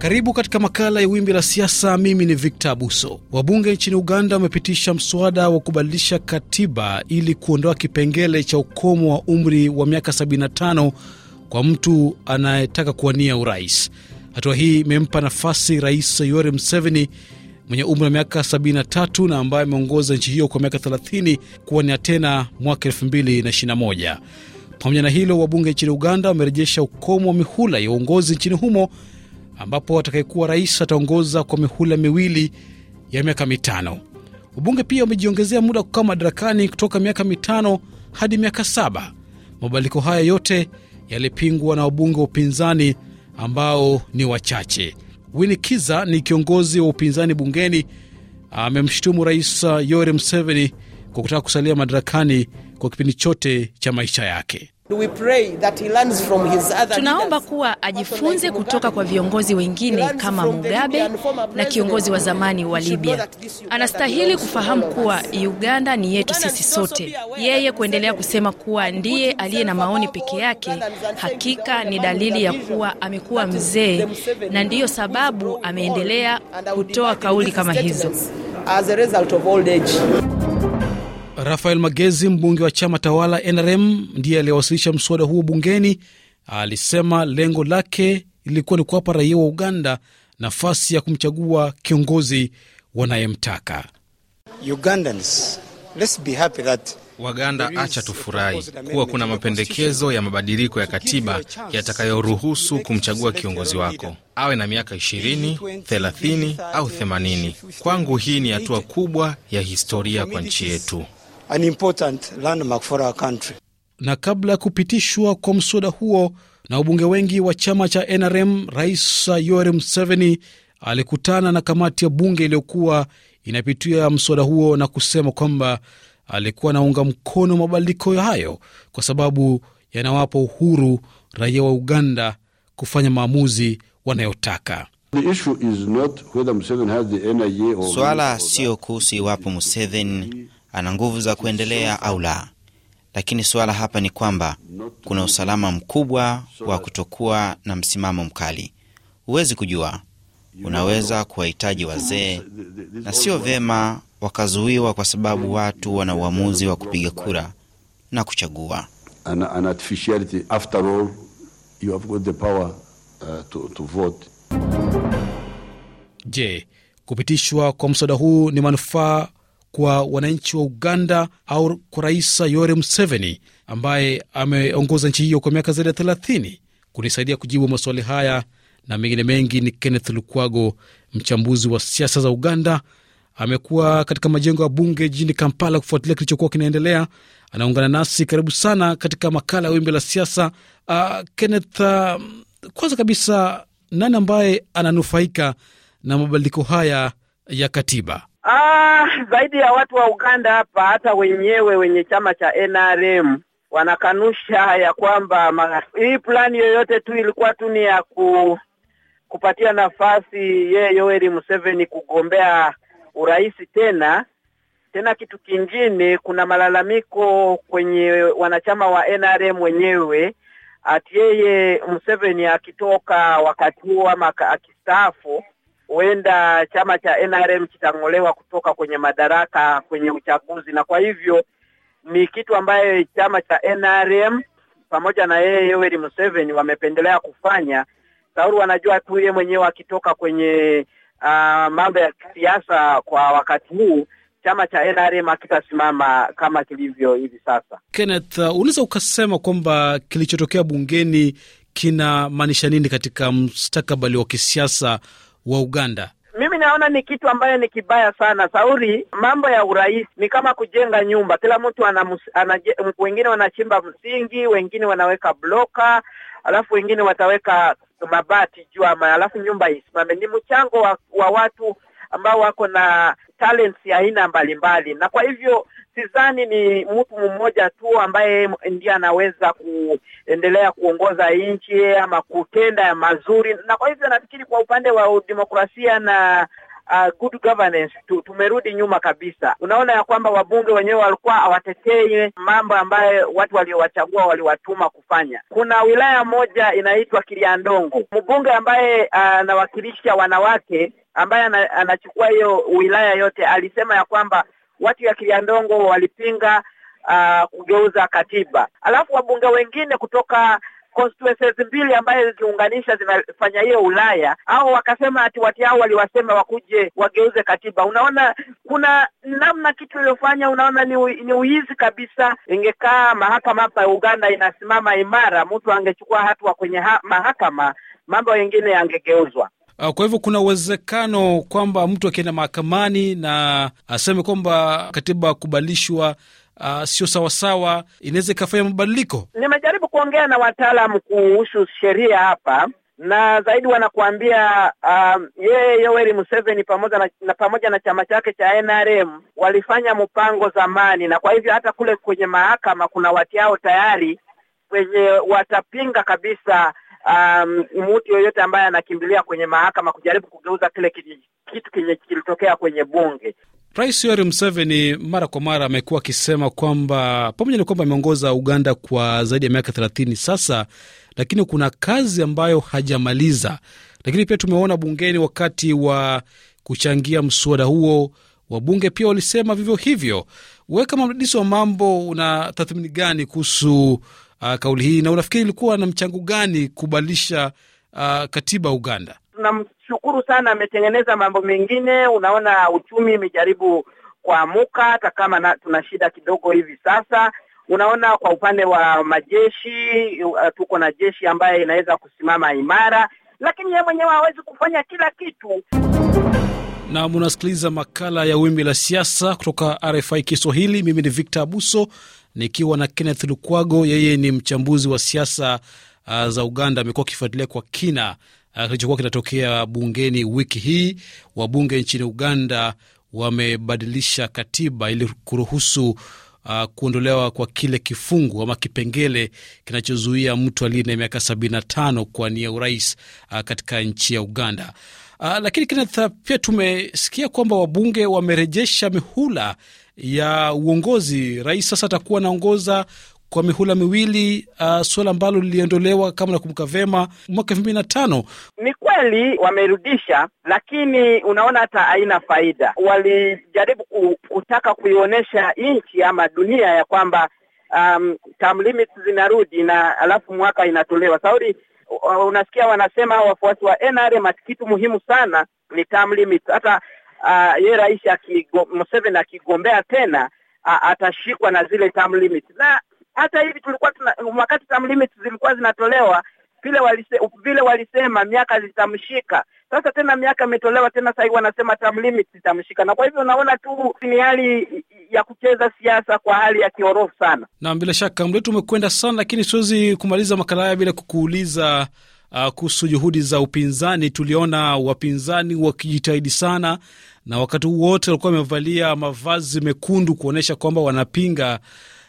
Karibu katika makala ya wimbi la siasa. Mimi ni Victor Abuso. Wabunge nchini Uganda wamepitisha mswada wa kubadilisha katiba ili kuondoa kipengele cha ukomo wa umri wa miaka 75 kwa mtu anayetaka kuwania urais. Hatua hii imempa nafasi Rais Yoweri Museveni mwenye umri wa miaka 73 na ambaye ameongoza nchi hiyo kwa miaka 30 kuwania tena mwaka 2021. Pamoja na hilo, wabunge nchini Uganda wamerejesha ukomo wa mihula ya uongozi nchini humo ambapo atakayekuwa rais ataongoza kwa mihula miwili ya miaka mitano. Wabunge pia wamejiongezea muda wa kukaa madarakani kutoka miaka mitano hadi miaka saba. Mabadiliko haya yote yalipingwa na wabunge wa upinzani ambao ni wachache. kiza ni kiongozi wa upinzani bungeni, amemshutumu rais Yoweri Museveni kwa kutaka kusalia madarakani kwa kipindi chote cha maisha yake. Tunaomba kuwa ajifunze kutoka kwa viongozi wengine kama Mugabe na kiongozi wa zamani wa Libya. Anastahili kufahamu kuwa Uganda ni yetu sisi sote. Yeye kuendelea kusema kuwa ndiye aliye na maoni peke yake, hakika ni dalili ya kuwa amekuwa mzee, na ndiyo sababu ameendelea kutoa kauli kama hizo. Rafael Magezi, mbunge wa chama tawala NRM, ndiye aliyewasilisha mswada huo bungeni, alisema lengo lake lilikuwa ni kuwapa raia wa Uganda nafasi ya kumchagua kiongozi wanayemtaka. Waganda, acha tufurahi kuwa kuna mapendekezo ya mabadiliko ya katiba yatakayoruhusu kumchagua kiongozi wako awe na miaka 20, 30 au 80. Kwangu hii ni hatua kubwa ya historia kwa nchi yetu an important landmark for our country. Na kabla ya kupitishwa kwa mswada huo na wabunge wengi wa chama cha NRM, Rais Yoweri Museveni alikutana na kamati ya bunge iliyokuwa inapitia mswada huo na kusema kwamba alikuwa anaunga mkono mabadiliko hayo kwa sababu yanawapa uhuru raia wa Uganda kufanya maamuzi wanayotaka. Suala siyo kuhusu iwapo Museveni ana nguvu za kuendelea au la. Lakini suala hapa ni kwamba kuna usalama mkubwa wa kutokuwa na msimamo mkali. Huwezi kujua, unaweza kuwahitaji wazee, na sio vyema wakazuiwa kwa sababu watu wana uamuzi wa kupiga kura na kuchagua. Uh, Je, kupitishwa kwa mswada huu ni manufaa kwa wananchi wa Uganda au kwa Rais Yoweri Museveni ambaye ameongoza nchi hiyo kwa miaka zaidi ya thelathini. Kunisaidia kujibu maswali haya na mengine mengi ni Kenneth Lukwago, mchambuzi wa siasa za Uganda. Amekuwa katika majengo ya bunge jijini Kampala kufuatilia kilichokuwa kinaendelea. Anaungana nasi, karibu sana katika makala ya Wimbi la Siasa. Uh, Kenneth, uh, kwanza kabisa, nani ambaye ananufaika na mabadiliko haya ya katiba? Ah, zaidi ya watu wa Uganda hapa, hata wenyewe wenye chama cha NRM wanakanusha ya kwamba ma, hii plani yoyote tu ilikuwa tu ni ya ku, kupatia nafasi ye Yoweri Museveni kugombea urais tena tena. Kitu kingine, kuna malalamiko kwenye wanachama wa NRM wenyewe ati yeye Museveni akitoka wakati huo ama akistaafu huenda chama cha NRM kitang'olewa kutoka kwenye madaraka kwenye uchaguzi, na kwa hivyo ni kitu ambaye chama cha NRM pamoja na yeye Yoweri Museveni wamependelea kufanya. Sauru wanajua tu yeye mwenyewe akitoka kwenye uh, mambo ya kisiasa kwa wakati huu chama cha NRM hakitasimama kama kilivyo hivi sasa. Kenneth, uh, unaweza ukasema kwamba kilichotokea bungeni kinamaanisha nini katika mstakabali wa kisiasa wa Uganda. Mimi naona ni kitu ambayo ni kibaya sana sauri. Mambo ya urais ni kama kujenga nyumba, kila mtu wengine wanachimba msingi, wengine wanaweka bloka, alafu wengine wataweka mabati juu ama, alafu nyumba isimame. Ni mchango wa, wa watu ambao wako na talents ya aina mbalimbali, na kwa hivyo sidhani ni mtu mmoja tu ambaye ndiye anaweza kuendelea kuongoza nchi ama kutenda mazuri, na kwa hivyo nafikiri kwa upande wa demokrasia na Uh, good governance tu, tumerudi nyuma kabisa. Unaona ya kwamba wabunge wenyewe walikuwa hawatetei mambo ambayo watu waliowachagua waliwatuma kufanya. Kuna wilaya moja inaitwa Kiliandongo, mbunge ambaye uh, anawakilisha uh, wanawake ambaye anachukua hiyo wilaya yote alisema ya kwamba watu ya Kiliandongo walipinga uh, kugeuza katiba, alafu wabunge wengine kutoka constituencies mbili ambayo zikiunganisha zinafanya hiyo Ulaya au wakasema ati watu hao waliwasema wakuje wageuze katiba. Unaona kuna namna kitu iliyofanya, unaona ni, ni uizi kabisa. Ingekaa mahakama hapa Uganda inasimama imara, mtu angechukua hatua kwenye ha, mahakama, mambo mengine yangegeuzwa. Ah, kwa hivyo kuna uwezekano kwamba mtu akienda mahakamani na aseme kwamba katiba kubadilishwa Uh, ah, sio sawasawa, inaweza ikafanya mabadiliko. Nimejaribu kuongea na wataalamu kuhusu sheria hapa, na zaidi wanakuambia um, yeye Yoweri Museveni pamoja na, na pamoja na chama chake cha NRM walifanya mpango zamani, na kwa hivyo hata kule kwenye mahakama kuna watiao tayari wenye watapinga kabisa um, mtu yoyote ambaye anakimbilia kwenye mahakama kujaribu kugeuza kile kitu kenye kilitokea kwenye bunge. Rais Yoweri Museveni mara kwa mara amekuwa akisema kwamba pamoja na kwamba ameongoza Uganda kwa zaidi ya miaka thelathini sasa, lakini kuna kazi ambayo hajamaliza. Lakini pia tumeona bungeni wakati wa kuchangia mswada huo, wabunge pia walisema vivyo hivyo. Wewe kama mdadisi wa mambo, una tathmini gani kuhusu uh, kauli hii, na unafikiri ilikuwa na mchango gani kubadilisha uh, katiba Uganda? Namshukuru sana, ametengeneza mambo mengine. Unaona uchumi imejaribu kuamuka, hata kama na, tuna shida kidogo hivi sasa. Unaona kwa upande wa majeshi uh, tuko na jeshi ambaye inaweza kusimama imara, lakini yeye mwenyewe hawezi kufanya kila kitu. Na munasikiliza makala ya Wimbi la Siasa kutoka RFI Kiswahili. Mimi ni Victor Abuso nikiwa na Kenneth Lukwago. Yeye ni mchambuzi wa siasa uh, za Uganda, amekuwa akifuatilia kwa kina uh, kilichokuwa kinatokea bungeni wiki hii. Wabunge nchini Uganda wamebadilisha katiba ili kuruhusu uh, kuondolewa kwa kile kifungu ama kipengele kinachozuia mtu aliye na miaka 75 nia urais uh, katika nchi ya Uganda. Uh, lakini Kenneth, pia tumesikia kwamba wabunge wamerejesha mihula ya uongozi. Rais sasa atakuwa anaongoza kwa mihula miwili uh, suala ambalo liliondolewa kama nakumbuka vema mwaka elfu mbili na tano. Ni kweli wamerudisha, lakini unaona hata haina faida. Walijaribu kutaka kuionyesha nchi ama dunia ya kwamba um, term limits zinarudi na alafu mwaka inatolewa sauri. Unasikia wanasema wafuasi wa NRM ati kitu muhimu sana ni term hata Ah, yeye rais Museveni akigombea tena atashikwa na zile term limit. Na hata hivi tulikuwa tuna, wakati term limit zilikuwa zinatolewa vile walise, vile walisema miaka zitamshika. Sasa tena miaka imetolewa tena, sasa hivi wanasema term limit zitamshika, na kwa hivyo unaona tu ni hali ya kucheza siasa kwa hali ya kihorofu sana. Naam, bila shaka mletu umekwenda sana, lakini siwezi kumaliza makala haya bila kukuuliza uh, kuhusu juhudi za upinzani. Tuliona wapinzani wakijitahidi sana, na wakati huu wote walikuwa wamevalia mavazi mekundu kuonyesha kwamba wanapinga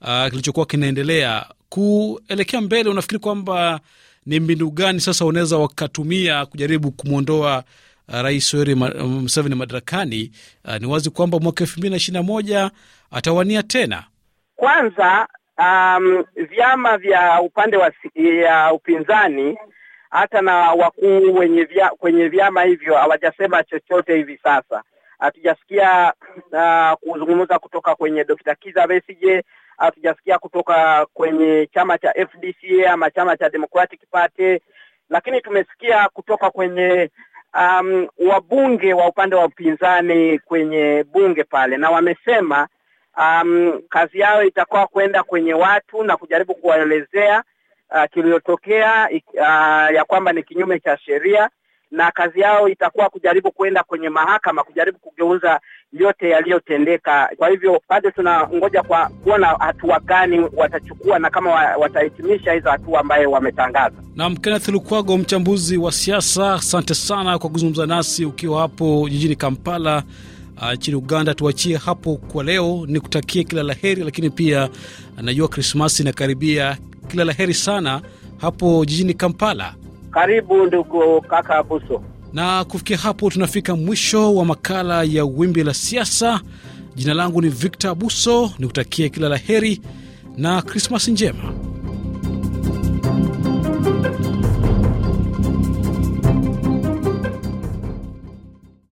uh, kilichokuwa kinaendelea. Kuelekea mbele, unafikiri kwamba ni mbinu gani sasa unaweza wakatumia kujaribu kumwondoa uh, Rais Yoweri um, Museveni madarakani? Uh, ni wazi kwamba mwaka elfu mbili na ishirini na moja atawania tena. Kwanza um, vyama vya upande wa uh, upinzani hata na wakuu wenye vya, kwenye vyama hivyo hawajasema chochote hivi sasa. Hatujasikia uh, kuzungumza kutoka kwenye Dr. Kiza Besije, hatujasikia kutoka kwenye chama cha FDC ama chama cha Democratic Party, lakini tumesikia kutoka kwenye um, wabunge wa upande wa upinzani kwenye bunge pale, na wamesema um, kazi yao itakuwa kwenda kwenye watu na kujaribu kuwaelezea uh, kiliyotokea uh, ya kwamba ni kinyume cha sheria, na kazi yao itakuwa kujaribu kuenda kwenye mahakama kujaribu kugeuza yote yaliyotendeka. Kwa hivyo bado tunangoja kwa kuona hatua gani watachukua na kama watahitimisha hizo hatua ambayo wametangaza. Naam, Kenneth Lukwago, mchambuzi wa siasa, asante sana kwa kuzungumza nasi ukiwa hapo jijini Kampala uh, nchini uh, Uganda. Tuachie hapo kwa leo, nikutakie kila la heri, lakini pia anajua Krismasi inakaribia kila la heri sana hapo jijini Kampala. Karibu ndugu kaka Abuso. Na kufikia hapo, tunafika mwisho wa makala ya Wimbi la Siasa. Jina langu ni Victor Abuso, nikutakie kila la heri na Krismasi njema.